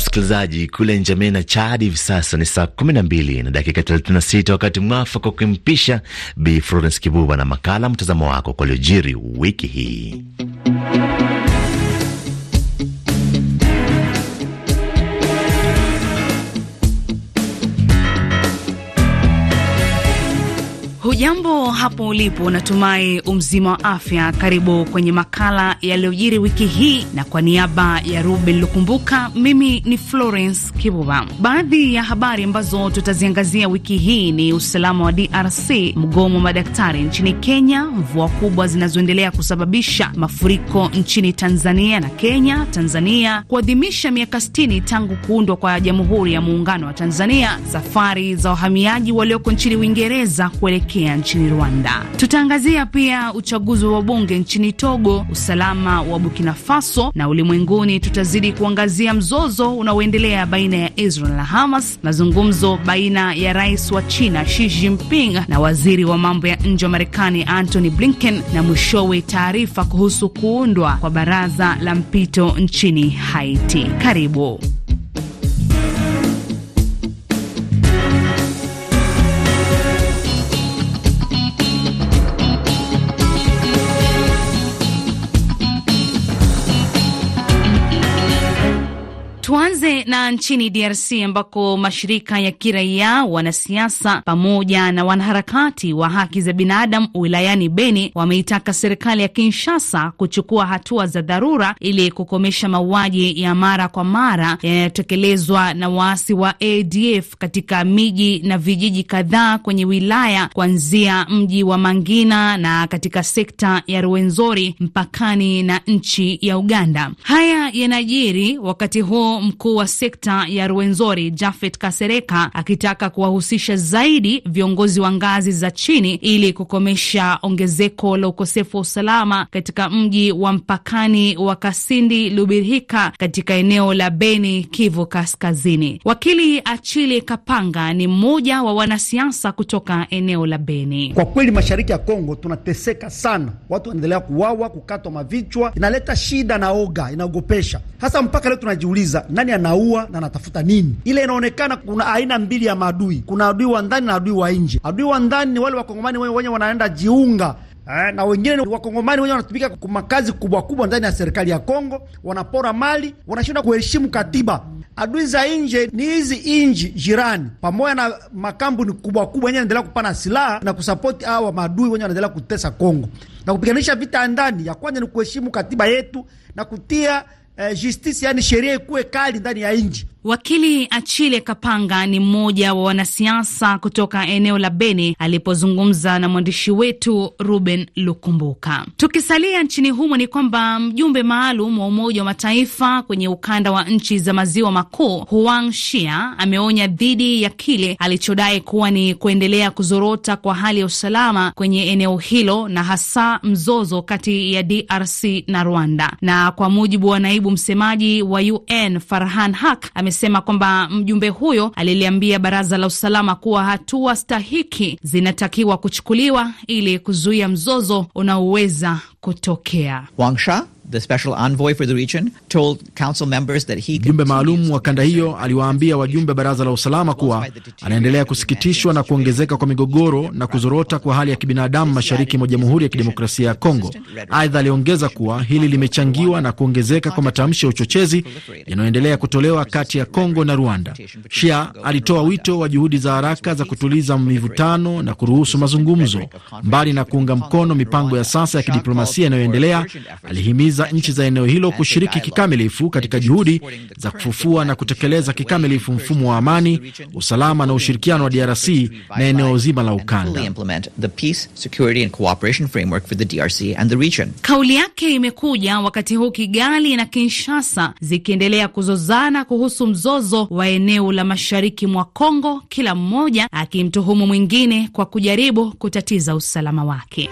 Msikilizaji kule Njamena na Chad, hivi sasa ni saa 12 na dakika 36, wakati mwafaka wa ukimpisha Bi Florence Kibuba na makala mtazamo wako kwa wiki hii. Hujambo hapo ulipo, natumai umzima wa afya. Karibu kwenye makala yaliyojiri wiki hii, na kwa niaba ya Ruben Lukumbuka, mimi ni Florence Kibuba. Baadhi ya habari ambazo tutaziangazia wiki hii ni usalama wa DRC, mgomo wa madaktari nchini Kenya, mvua kubwa zinazoendelea kusababisha mafuriko nchini Tanzania na Kenya, Tanzania kuadhimisha miaka 60 tangu kuundwa kwa Jamhuri ya Muungano wa Tanzania, safari za wahamiaji walioko nchini Uingereza kuelekea Tanzania nchini Rwanda. Tutaangazia pia uchaguzi wa bunge nchini Togo, usalama wa Burkina Faso na ulimwenguni. Tutazidi kuangazia mzozo unaoendelea baina ya Israel na Hamas, mazungumzo baina ya rais wa China Xi Jinping na waziri wa mambo ya nje wa Marekani Antony Blinken, na mwishowe taarifa kuhusu kuundwa kwa baraza la mpito nchini Haiti. Karibu. Tuanze na nchini DRC ambako mashirika ya kiraia, wanasiasa pamoja na wanaharakati wa haki za binadamu wilayani Beni wameitaka serikali ya Kinshasa kuchukua hatua za dharura ili kukomesha mauaji ya mara kwa mara yanayotekelezwa na waasi wa ADF katika miji na vijiji kadhaa kwenye wilaya kuanzia mji wa Mangina na katika sekta ya Ruwenzori mpakani na nchi ya Uganda. Haya yanajiri wakati huu mkuu mkuu wa sekta ya Ruwenzori Jafet Kasereka akitaka kuwahusisha zaidi viongozi wa ngazi za chini ili kukomesha ongezeko la ukosefu wa usalama katika mji wa mpakani wa Kasindi Lubirhika katika eneo la Beni, Kivu Kaskazini. Wakili Achili Kapanga ni mmoja wa wanasiasa kutoka eneo la Beni. Kwa kweli mashariki ya Kongo tunateseka sana, watu wanaendelea kuwawa, kukatwa mavichwa, inaleta shida na oga, inaogopesha. Hasa mpaka leo tunajiuliza nani anaua na anatafuta nini. Ile inaonekana kuna aina mbili ya maadui, kuna adui wa ndani na adui wa nje. Adui wa ndani ni wale wakongomani wenye wanaenda jiunga eh, na wengine wakongomani wenyewe wanatumika kwa makazi kubwa kubwa ndani ya serikali ya Kongo, wanapora mali, wanashindwa kuheshimu katiba. Adui za nje ni hizi inji jirani, pamoja na makampuni kubwa kubwa yenye endelea kupana silaha na kusapoti hawa maadui wenyewe wanaendelea kutesa Kongo. Na kupiganisha vita ya ndani, ya kwanza ni kuheshimu katiba yetu na kutia eh, justice, yani sheria ikuwe kali ndani ya nchi. Wakili achile Kapanga ni mmoja wa wanasiasa kutoka eneo la Beni alipozungumza na mwandishi wetu Ruben Lukumbuka. Tukisalia nchini humo, ni kwamba mjumbe maalum wa Umoja wa Mataifa kwenye ukanda wa nchi za maziwa makuu Huang Shia ameonya dhidi ya kile alichodai kuwa ni kuendelea kuzorota kwa hali ya usalama kwenye eneo hilo na hasa mzozo kati ya DRC na Rwanda. Na kwa mujibu wa naibu msemaji wa UN Farhan Haq amesema kwamba mjumbe huyo aliliambia baraza la usalama kuwa hatua stahiki zinatakiwa kuchukuliwa ili kuzuia mzozo unaoweza kutokea Wangsha. Mjumbe maalum wa kanda hiyo aliwaambia wajumbe baraza la usalama kuwa anaendelea kusikitishwa na kuongezeka kwa migogoro na kuzorota kwa hali ya kibinadamu mashariki mwa Jamhuri ya Kidemokrasia ya Kongo. Aidha, aliongeza kuwa hili limechangiwa na kuongezeka kwa matamshi ya uchochezi yanayoendelea kutolewa kati ya Kongo na Rwanda. Shia alitoa wito wa juhudi za haraka za kutuliza mivutano na kuruhusu mazungumzo. Mbali na kuunga mkono mipango ya sasa ya kidiplomasia inayoendelea, alihimiza za nchi za eneo hilo kushiriki kikamilifu katika juhudi za kufufua na kutekeleza kikamilifu mfumo wa amani, usalama na ushirikiano wa DRC na eneo zima la ukanda. Kauli yake imekuja wakati huu Kigali na Kinshasa zikiendelea kuzozana kuhusu mzozo wa eneo la mashariki mwa Kongo, kila mmoja akimtuhumu mwingine kwa kujaribu kutatiza usalama wake.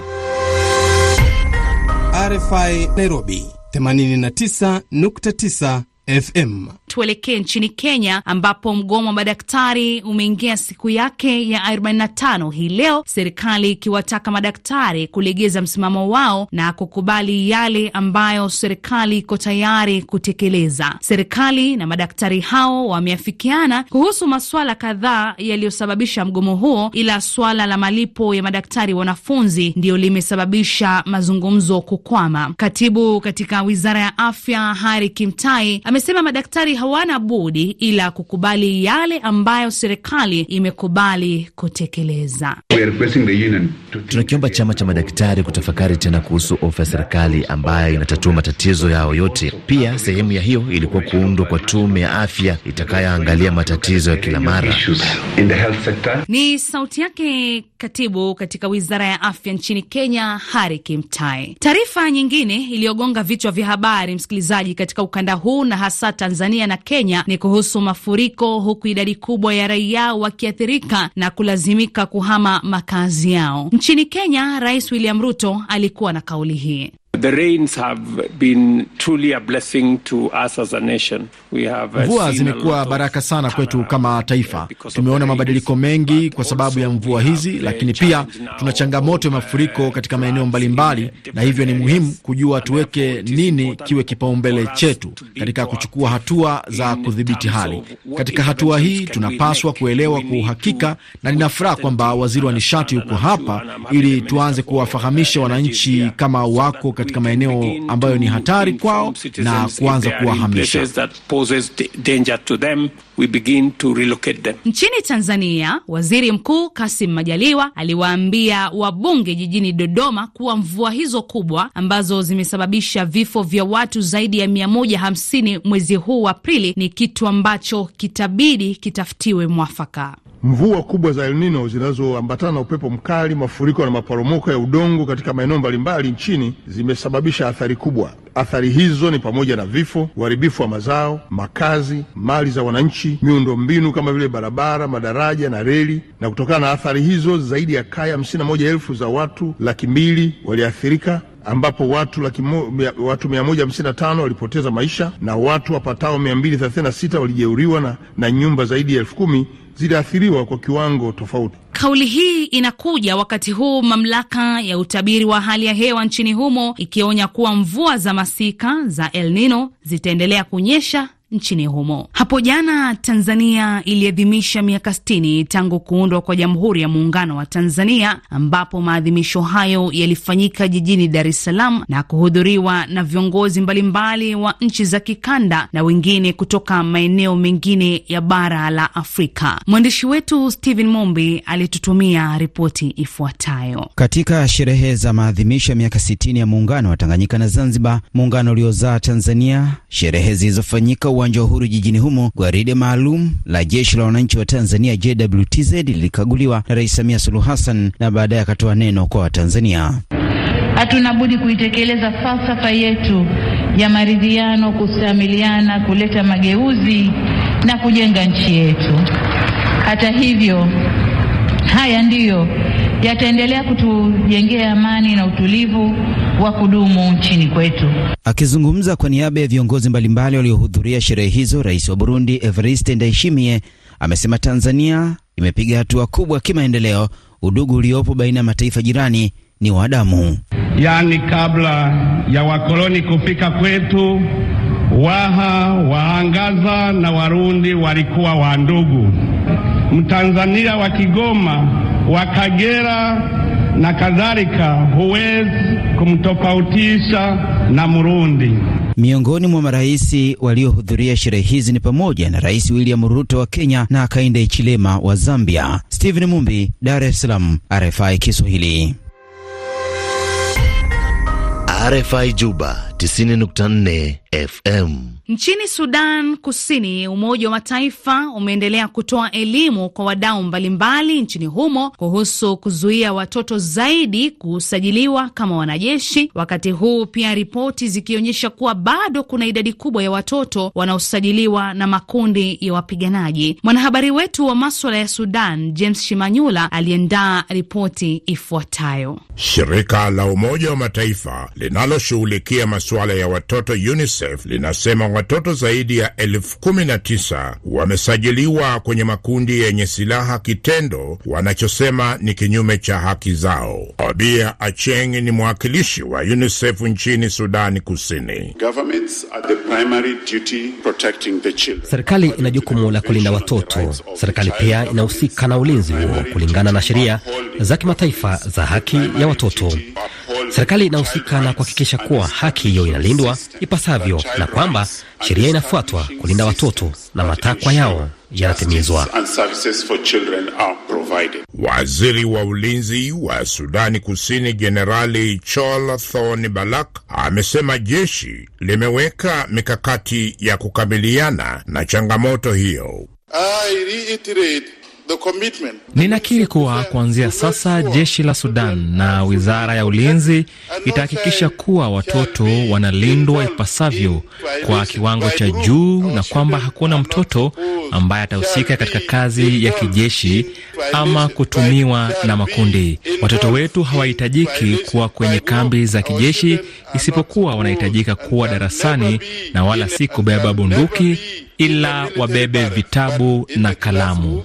RFI Nairobi 89.9 FM. Tuelekee nchini Kenya ambapo mgomo wa madaktari umeingia siku yake ya 45 hii leo, serikali ikiwataka madaktari kulegeza msimamo wao na kukubali yale ambayo serikali iko tayari kutekeleza. Serikali na madaktari hao wameafikiana kuhusu masuala kadhaa yaliyosababisha mgomo huo, ila swala la malipo ya madaktari wanafunzi ndiyo limesababisha mazungumzo kukwama. Katibu katika wizara ya afya Hari Kimtai ame amesema madaktari hawana budi ila kukubali yale ambayo serikali imekubali kutekeleza. Tunakiomba chama cha madaktari kutafakari tena kuhusu ofa ya serikali ambayo inatatua matatizo yao yote. Pia sehemu ya hiyo ilikuwa kuundwa kwa tume ya afya itakayoangalia matatizo ya kila mara. Ni sauti yake katibu katika wizara ya afya nchini Kenya, Hari Kimtai. Taarifa nyingine iliyogonga vichwa vya habari, msikilizaji, katika ukanda huu na hasa Tanzania na Kenya ni kuhusu mafuriko, huku idadi kubwa ya raia wakiathirika na kulazimika kuhama makazi yao. Nchini Kenya, Rais William Ruto alikuwa na kauli hii. Mvua zimekuwa baraka sana kwetu kama taifa. Tumeona mabadiliko mengi kwa sababu ya mvua hizi, lakini pia tuna changamoto ya uh, mafuriko katika maeneo mbalimbali, na hivyo ni muhimu kujua tuweke nini kiwe kipaumbele chetu katika kuchukua hatua za kudhibiti hali. Katika hatua hii tunapaswa kuelewa kwa uhakika, na ninafuraha kwamba waziri wa nishati yuko hapa ili tuanze kuwafahamisha wananchi kama wako katika katika maeneo ambayo ni hatari kwao na kuanza kuwahamisha. Nchini Tanzania, Waziri Mkuu Kassim Majaliwa aliwaambia wabunge jijini Dodoma kuwa mvua hizo kubwa ambazo zimesababisha vifo vya watu zaidi ya 150 mwezi huu wa Aprili ni kitu ambacho kitabidi kitafutiwe mwafaka mvua kubwa za El Nino zinazoambatana na upepo mkali, mafuriko na maporomoko ya udongo katika maeneo mbalimbali nchini zimesababisha athari kubwa. Athari hizo ni pamoja na vifo, uharibifu wa mazao, makazi, mali za wananchi, miundo mbinu kama vile barabara, madaraja na reli. Na kutokana na athari hizo, zaidi ya kaya hamsini na moja elfu za watu laki mbili waliathirika ambapo watu laki mo, watu tano walipoteza maisha na watu wapatao 236 walijeuriwa na, na nyumba zaidi ya elfu kumi ziliathiriwa kwa kiwango tofauti. Kauli hii inakuja wakati huu mamlaka ya utabiri wa hali ya hewa nchini humo ikionya kuwa mvua za masika za El Nino zitaendelea kunyesha nchini humo. Hapo jana Tanzania iliadhimisha miaka 60 tangu kuundwa kwa Jamhuri ya Muungano wa Tanzania, ambapo maadhimisho hayo yalifanyika jijini Dar es Salaam na kuhudhuriwa na viongozi mbalimbali wa nchi za kikanda na wengine kutoka maeneo mengine ya bara la Afrika. Mwandishi wetu Stephen Mombi alitutumia ripoti ifuatayo. Katika sherehe za maadhimisho ya miaka 60 ya Muungano wa Tanganyika na Zanzibar, muungano uliozaa Tanzania, sherehe zilizofanyika uwanja wa Uhuru jijini humo, gwaride maalum la jeshi la wananchi wa Tanzania JWTZ lilikaguliwa na Rais Samia Suluhu Hassan na baadaye akatoa neno kwa Watanzania. Hatuna budi kuitekeleza falsafa yetu ya maridhiano, kustamiliana, kuleta mageuzi na kujenga nchi yetu. Hata hivyo, haya ndiyo yataendelea kutujengea amani na utulivu wa kudumu nchini kwetu. Akizungumza kwa niaba ya viongozi mbalimbali waliohudhuria sherehe hizo, rais wa Burundi Evariste Ndayishimiye amesema Tanzania imepiga hatua kubwa kimaendeleo. Udugu uliopo baina ya mataifa jirani ni wa damu, yaani kabla ya wakoloni kufika kwetu Waha, Waangaza na Warundi walikuwa wandugu. Mtanzania wa Kigoma wa Kagera na kadhalika huwezi kumtofautisha na Murundi. Miongoni mwa marais waliohudhuria sherehe hizi ni pamoja na Rais William Ruto wa Kenya na Hakainde Hichilema wa Zambia. Stephen Mumbi, Dar es Salaam, RFI Kiswahili. RFI Juba 90.4 FM. Nchini Sudan Kusini, Umoja wa Mataifa umeendelea kutoa elimu kwa wadau mbalimbali nchini humo kuhusu kuzuia watoto zaidi kusajiliwa kama wanajeshi, wakati huu pia ripoti zikionyesha kuwa bado kuna idadi kubwa ya watoto wanaosajiliwa na makundi ya wapiganaji. Mwanahabari wetu wa maswala ya Sudan James Shimanyula aliandaa ripoti ifuatayo. Shirika la Umoja wa Mataifa linaloshughulikia masuala ya watoto UNICEF linasema watoto zaidi ya elfu kumi na tisa wamesajiliwa kwenye makundi yenye silaha, kitendo wanachosema ni kinyume cha haki zao. Obia Acheng ni mwakilishi wa UNICEF nchini Sudani Kusini. Serikali ina jukumu la kulinda watoto. Serikali pia inahusika na ulinzi huo kulingana na sheria za kimataifa za haki ya watoto. Serikali inahusika na kuhakikisha kuwa haki hiyo inalindwa ipasavyo na kwamba sheria inafuatwa kulinda watoto na matakwa yao yanatimizwa. Waziri wa ulinzi wa Sudani Kusini Jenerali Chol Thon Balak amesema jeshi limeweka mikakati ya kukabiliana na changamoto hiyo. I reiterate Ninakiri kuwa kuanzia sasa jeshi la Sudan na wizara ya ulinzi itahakikisha kuwa watoto wanalindwa ipasavyo kwa kiwango cha juu, na kwamba hakuna mtoto ambaye atahusika katika kazi ya kijeshi ama kutumiwa na makundi. Watoto wetu hawahitajiki kuwa kwenye kambi za kijeshi, isipokuwa wanahitajika kuwa darasani na wala si kubeba bunduki ila wabebe vitabu na kalamu.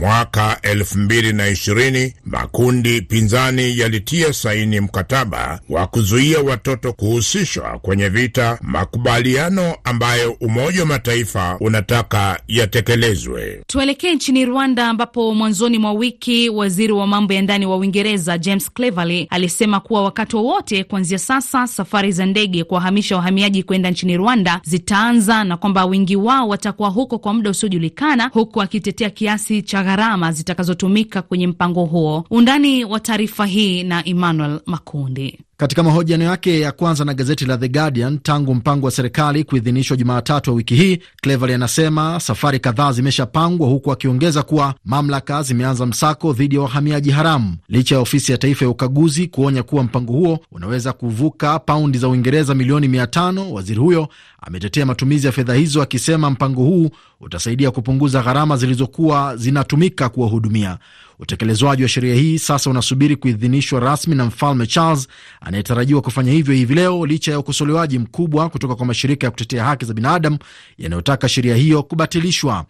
Mwaka elfu mbili na ishirini makundi pinzani yalitia saini mkataba wa kuzuia watoto kuhusishwa kwenye vita, makubaliano ambayo Umoja wa Mataifa unataka yatekelezwe. Tuelekee nchini Rwanda ambapo mwanzoni mwa wiki waziri wa mambo ya ndani wa Uingereza James Cleverly alisema kuwa wakati wowote kuanzia sasa safari za ndege kuwahamisha wahamiaji kwenda nchini Rwanda zitaanza na kwamba wingi wao watakuwa huko kwa muda usiojulikana, huku akitetea kiasi cha gharama zitakazotumika kwenye mpango huo. Undani wa taarifa hii na Emmanuel Makundi. Katika mahojiano yake ya kwanza na gazeti la The Guardian tangu mpango wa serikali kuidhinishwa Jumatatu wa wiki hii, Cleverly anasema safari kadhaa zimeshapangwa, huku akiongeza kuwa mamlaka zimeanza msako dhidi ya wahamiaji haramu, licha ya ofisi ya taifa ya ukaguzi kuonya kuwa mpango huo unaweza kuvuka paundi za Uingereza milioni mia tano. Waziri huyo ametetea matumizi ya fedha hizo akisema mpango huu utasaidia kupunguza gharama zilizokuwa zinatumika kuwahudumia Utekelezwaji wa sheria hii sasa unasubiri kuidhinishwa rasmi na Mfalme Charles anayetarajiwa kufanya hivyo hivi leo, licha ya ukosolewaji mkubwa kutoka kwa mashirika ya kutetea haki za binadamu yanayotaka sheria hiyo kubatilishwa.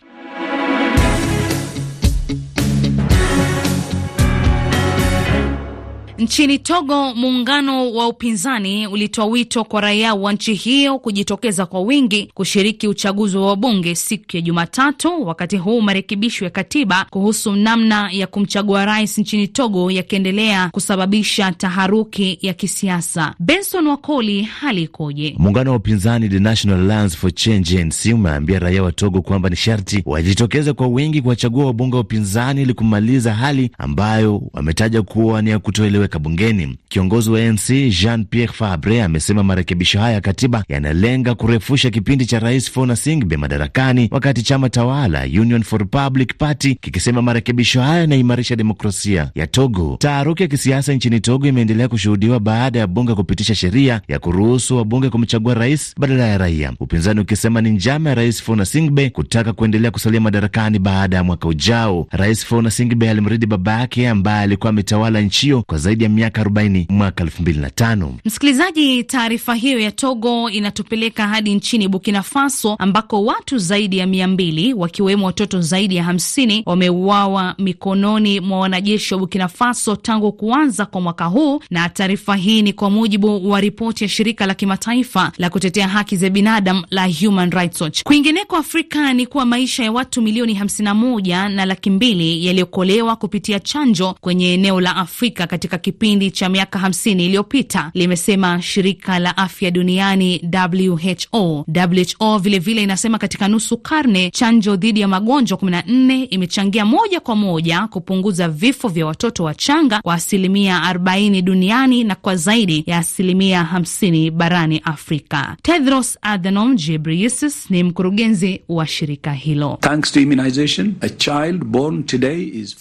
Nchini Togo, muungano wa upinzani ulitoa wito kwa raia wa nchi hiyo kujitokeza kwa wingi kushiriki uchaguzi wa wabunge siku ya Jumatatu, wakati huu marekebisho ya katiba kuhusu namna ya kumchagua rais nchini Togo yakiendelea kusababisha taharuki ya kisiasa. Benson Wakoli, hali ikoje? Muungano wa upinzani The National Alliance for Change umeambia raia wa Togo kwamba ni sharti wajitokeze kwa wingi kuwachagua wabunge wa upinzani ili kumaliza hali ambayo wametaja kuwa ni ya kutoelewa kuziweka bungeni. Kiongozi wa ANC Jean Pierre Fabre amesema marekebisho haya ya katiba yanalenga kurefusha kipindi cha Rais Fona Singbe madarakani, wakati chama tawala Union for Public Party kikisema marekebisho haya yanaimarisha demokrasia ya Togo. Taharuki ya kisiasa nchini Togo imeendelea kushuhudiwa baada ya bunge kupitisha sheria ya kuruhusu wabunge kumchagua rais badala ya raia, upinzani ukisema ni njama ya Rais Fona Singbe kutaka kuendelea kusalia madarakani baada ya mwaka ujao. Rais Fona Singbe alimridi baba yake ambaye alikuwa ametawala nchi hiyo kwa zaidi zaidi ya miaka 40 mwaka 2005. Msikilizaji, taarifa hiyo ya Togo inatupeleka hadi nchini Burkina Faso ambako watu zaidi ya 200 wakiwemo watoto zaidi ya 50 wameuawa mikononi mwa wanajeshi wa Burkina Faso tangu kuanza kwa mwaka huu, na taarifa hii ni kwa mujibu wa ripoti ya shirika la kimataifa la kutetea haki za binadamu la Human Rights Watch. Kwingineko Afrika ni kuwa maisha ya watu milioni 51 na laki mbili yaliyokolewa kupitia chanjo kwenye eneo la Afrika katika kipindi cha miaka 50 iliyopita, limesema shirika la afya duniani WHO. WHO vilevile vile inasema katika nusu karne chanjo dhidi ya magonjwa 14 imechangia moja kwa moja kupunguza vifo vya watoto wachanga kwa asilimia 40 duniani na kwa zaidi ya asilimia 50 barani Afrika. Tedros Adhanom Ghebreyesus ni mkurugenzi wa shirika hilo.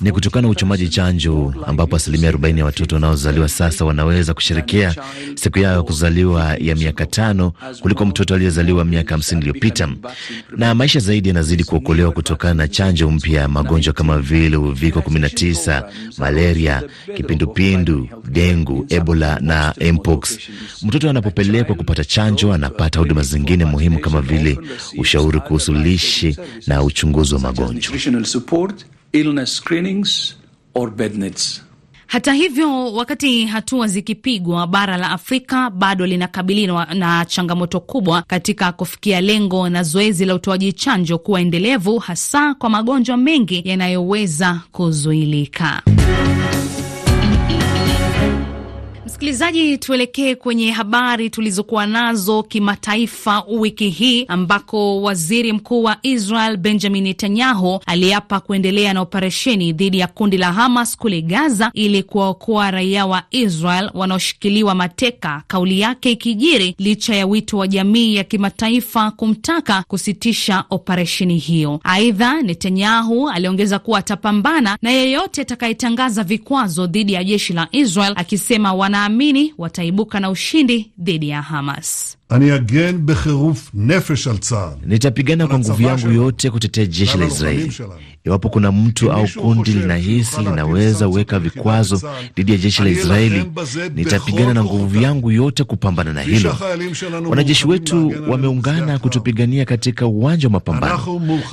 Ni kutokana na uchomaji chanjo ambapo asilimia 40 ya watoto watoto wanaozaliwa sasa wanaweza kusherekea siku yao ya kuzaliwa ya miaka tano kuliko mtoto aliyezaliwa miaka hamsini iliyopita, na maisha zaidi yanazidi kuokolewa kutokana na chanjo mpya ya magonjwa kama vile uviko 19, malaria, kipindupindu, dengu, ebola na mpox. Mtoto anapopelekwa kupata chanjo anapata huduma zingine muhimu kama vile ushauri kuhusu lishe na uchunguzi wa magonjwa. Hata hivyo, wakati hatua zikipigwa, bara la Afrika bado linakabiliwa na changamoto kubwa katika kufikia lengo na zoezi la utoaji chanjo kuwa endelevu, hasa kwa magonjwa mengi yanayoweza kuzuilika. Msikilizaji, tuelekee kwenye habari tulizokuwa nazo kimataifa wiki hii, ambako waziri mkuu wa Israel Benjamin Netanyahu aliapa kuendelea na operesheni dhidi ya kundi la Hamas kule Gaza ili kuwaokoa raia wa Israel wanaoshikiliwa mateka, kauli yake ikijiri licha ya wito wa jamii ya kimataifa kumtaka kusitisha operesheni hiyo. Aidha, Netanyahu aliongeza kuwa atapambana na yeyote atakayetangaza vikwazo dhidi ya jeshi la Israel akisema wana wanaamini wataibuka na ushindi dhidi ya Hamas. Nitapigana kwa nguvu yangu yote kutetea jeshi la Israeli. Iwapo kuna mtu au kundi linahisi linaweza weka vikwazo dhidi ya jeshi la Israeli, nitapigana na nguvu yangu yote kupambana na hilo. Wanajeshi wetu wameungana kutupigania katika uwanja wa mapambano,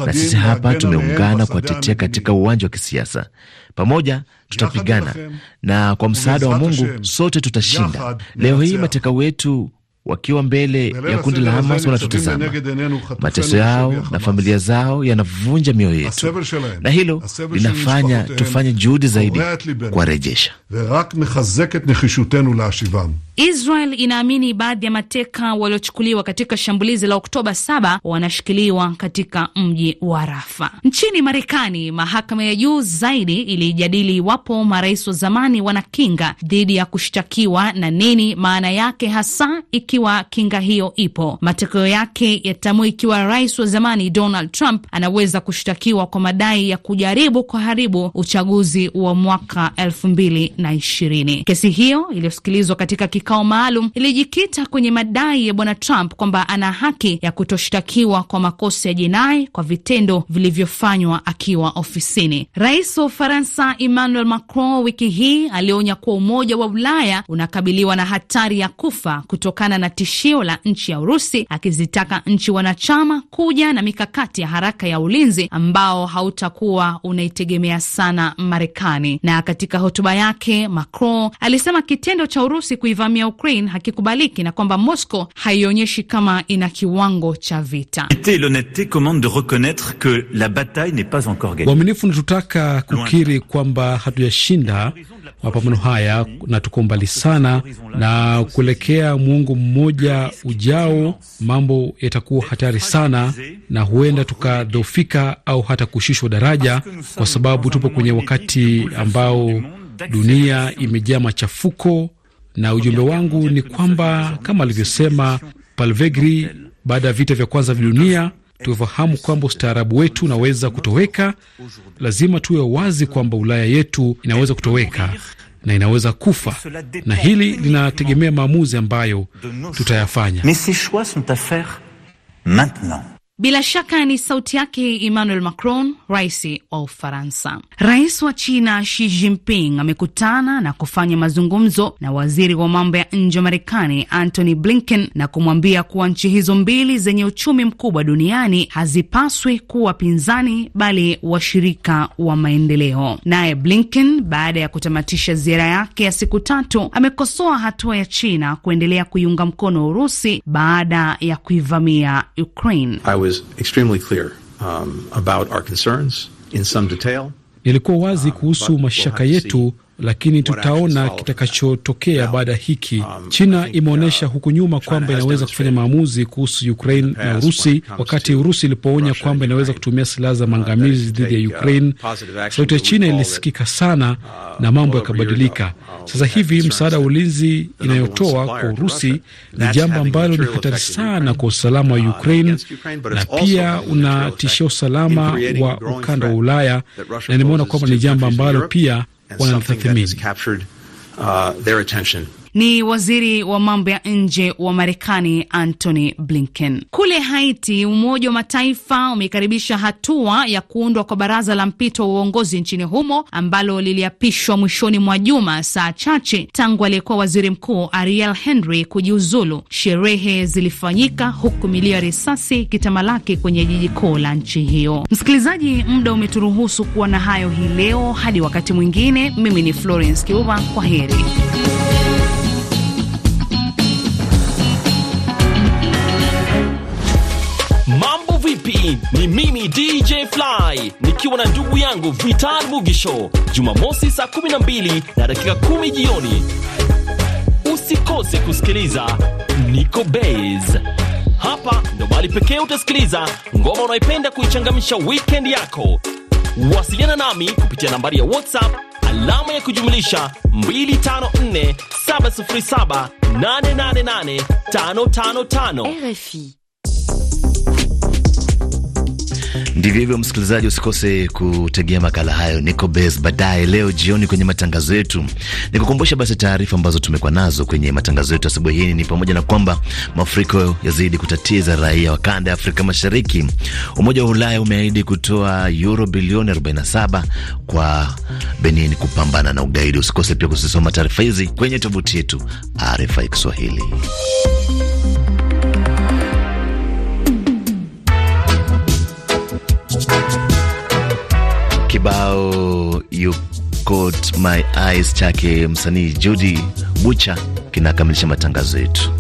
na sisi hapa tumeungana kuwatetea katika uwanja wa kisiasa. Pamoja tutapigana, na kwa msaada wa Mungu sote tutashinda. Leo hii mateka wetu wakiwa mbele ya kundi la Hamas wanatutazama. Mateso yao na familia zao yanavunja mioyo yetu, na hilo linafanya tufanye juhudi zaidi kuwarejesha. Israel inaamini baadhi ya mateka waliochukuliwa katika shambulizi la Oktoba 7 wanashikiliwa katika mji wa Rafa. Nchini Marekani, mahakama ya juu zaidi ilijadili iwapo marais wa zamani wana kinga dhidi ya kushtakiwa na nini maana yake hasa, ikiwa kinga hiyo ipo. Matokeo yake yatamua ikiwa rais wa zamani Donald Trump anaweza kushtakiwa kwa madai ya kujaribu kuharibu uchaguzi wa mwaka elfu mbili na ishirini. Kesi hiyo iliyosikilizwa katika kikao kikao maalum ilijikita kwenye madai ya bwana Trump kwamba ana haki ya kutoshtakiwa kwa makosa ya jinai kwa vitendo vilivyofanywa akiwa ofisini. Rais wa Ufaransa Emmanuel Macron wiki hii alionya kuwa Umoja wa Ulaya unakabiliwa na hatari ya kufa kutokana na tishio la nchi ya Urusi, akizitaka nchi wanachama kuja na mikakati ya haraka ya ulinzi ambao hautakuwa unaitegemea sana Marekani. Na katika hotuba yake Macron alisema kitendo cha Urusi kuivamia ya Ukraine hakikubaliki na kwamba Moscow haionyeshi kama ina kiwango cha vita. Uaminifu unatutaka kukiri kwamba hatujashinda mapambano haya na tuko mbali sana, na kuelekea mwongo mmoja ujao mambo yatakuwa hatari sana, na huenda tukadhofika au hata kushushwa daraja, kwa sababu tupo kwenye wakati ambao dunia imejaa machafuko na ujumbe wangu ni kwamba kama alivyosema Palvegri baada ya vita vya kwanza vya dunia, tufahamu kwamba ustaarabu wetu unaweza kutoweka. Lazima tuwe wazi kwamba Ulaya yetu inaweza kutoweka na inaweza kufa, na hili linategemea maamuzi ambayo tutayafanya. Bila shaka ni sauti yake Emmanuel Macron, rais wa Ufaransa. Rais wa China Xi Jinping amekutana na kufanya mazungumzo na waziri wa mambo ya nje wa Marekani Antony Blinken na kumwambia kuwa nchi hizo mbili zenye uchumi mkubwa duniani hazipaswi kuwa wapinzani, bali washirika wa maendeleo. Naye Blinken, baada ya kutamatisha ziara yake ya siku tatu, amekosoa hatua ya China kuendelea kuiunga mkono Urusi baada ya kuivamia Ukraine was extremely clear um, about our concerns in some detail. Ilikuwa wazi uh, kuhusu mashaka yetu lakini tutaona kitakachotokea baada ya hiki. Um, China imeonyesha uh, huku nyuma kwamba inaweza kufanya maamuzi kuhusu Ukraine na Urusi, wakati Urusi ilipoonya kwamba inaweza kutumia silaha za uh, maangamizi dhidi ya uh, Ukraine. Sauti ya China ilisikika sana na mambo yakabadilika. Sasa hivi msaada wa ulinzi inayotoa kwa Urusi ni jambo ambalo ni hatari sana kwa usalama wa Ukraine na pia unatishia usalama wa ukanda wa Ulaya, na nimeona kwamba ni jambo ambalo pia and something that has captured uh, their attention. ni waziri wa mambo ya nje wa Marekani Antony Blinken. Kule Haiti, Umoja wa Mataifa umekaribisha hatua ya kuundwa kwa baraza la mpito wa uongozi nchini humo ambalo liliapishwa mwishoni mwa juma, saa chache tangu aliyekuwa waziri mkuu Ariel Henry kujiuzulu. Sherehe zilifanyika huku milio ya risasi ikitamalaki kwenye jiji kuu la nchi hiyo. Msikilizaji, muda umeturuhusu kuwa na hayo hii leo. Hadi wakati mwingine, mimi ni Florence Kiuva, kwa heri. ni mimi DJ Fly nikiwa na ndugu yangu Vital Bugisho, Jumamosi saa 12 na dakika 10 jioni. Usikose kusikiliza Niko Base. Hapa ndo bali pekee utasikiliza ngoma unaipenda kuichangamsha weekend yako. Wasiliana nami kupitia nambari ya WhatsApp alama ya kujumlisha 254 RFI. Ndivyo hivyo, msikilizaji, usikose kutegea makala hayo niko bes baadaye leo jioni kwenye matangazo yetu. Nikukumbusha basi taarifa ambazo tumekuwa nazo kwenye matangazo yetu asubuhi hii ni pamoja na kwamba mafuriko yazidi kutatiza raia wa kanda ya Afrika Mashariki. Umoja wa Ulaya umeahidi kutoa euro bilioni 47 kwa Benin kupambana na ugaidi. Usikose pia kusisoma taarifa hizi kwenye tovuti yetu RFI Kiswahili. kibao you caught my eyes chake msanii Judy Bucha kinakamilisha matangazo yetu.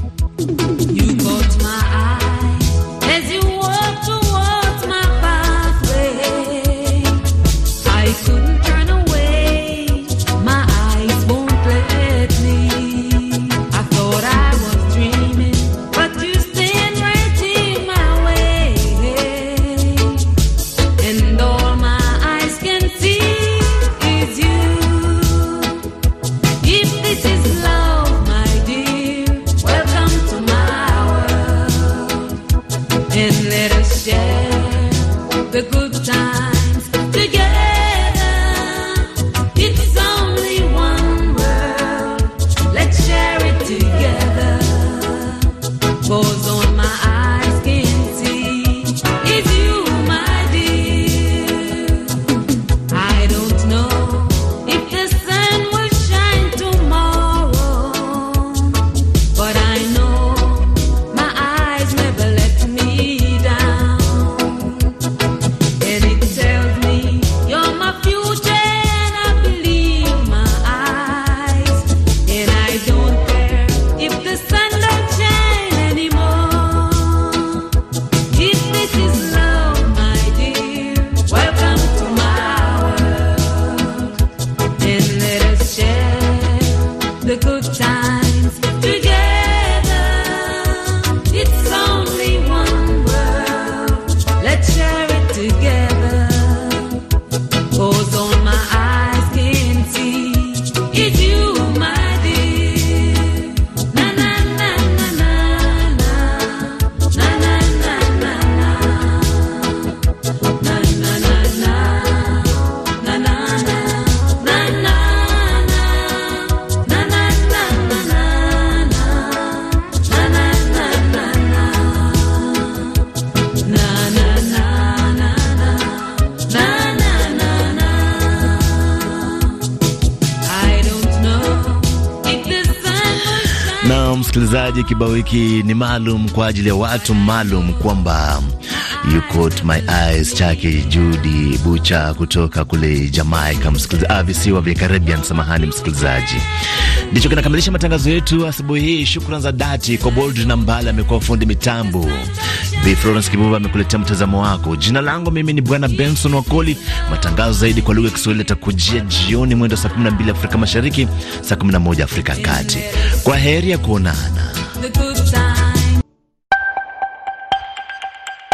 the good time. msikilizaji, kibao hiki ni maalum kwa ajili ya watu maalum, kwamba You Caught My Eyes chake Judy Bucha kutoka kule Jamaica, msikilizaji, ah, visiwa vya Caribbean, samahani msikilizaji. Ndicho kinakamilisha matangazo yetu asubuhi hii. Shukrani za dhati kwa Bold na Mbala, amekuwa fundi mitambo. The Florence Kibuba amekuletea mtazamo wako. Jina langu mimi ni Bwana Benson Wakoli. Matangazo zaidi kwa lugha ya Kiswahili yatakujia jioni mwendo saa 12 Afrika Mashariki, saa 11 Afrika Kati. Kwa heri ya kuonana.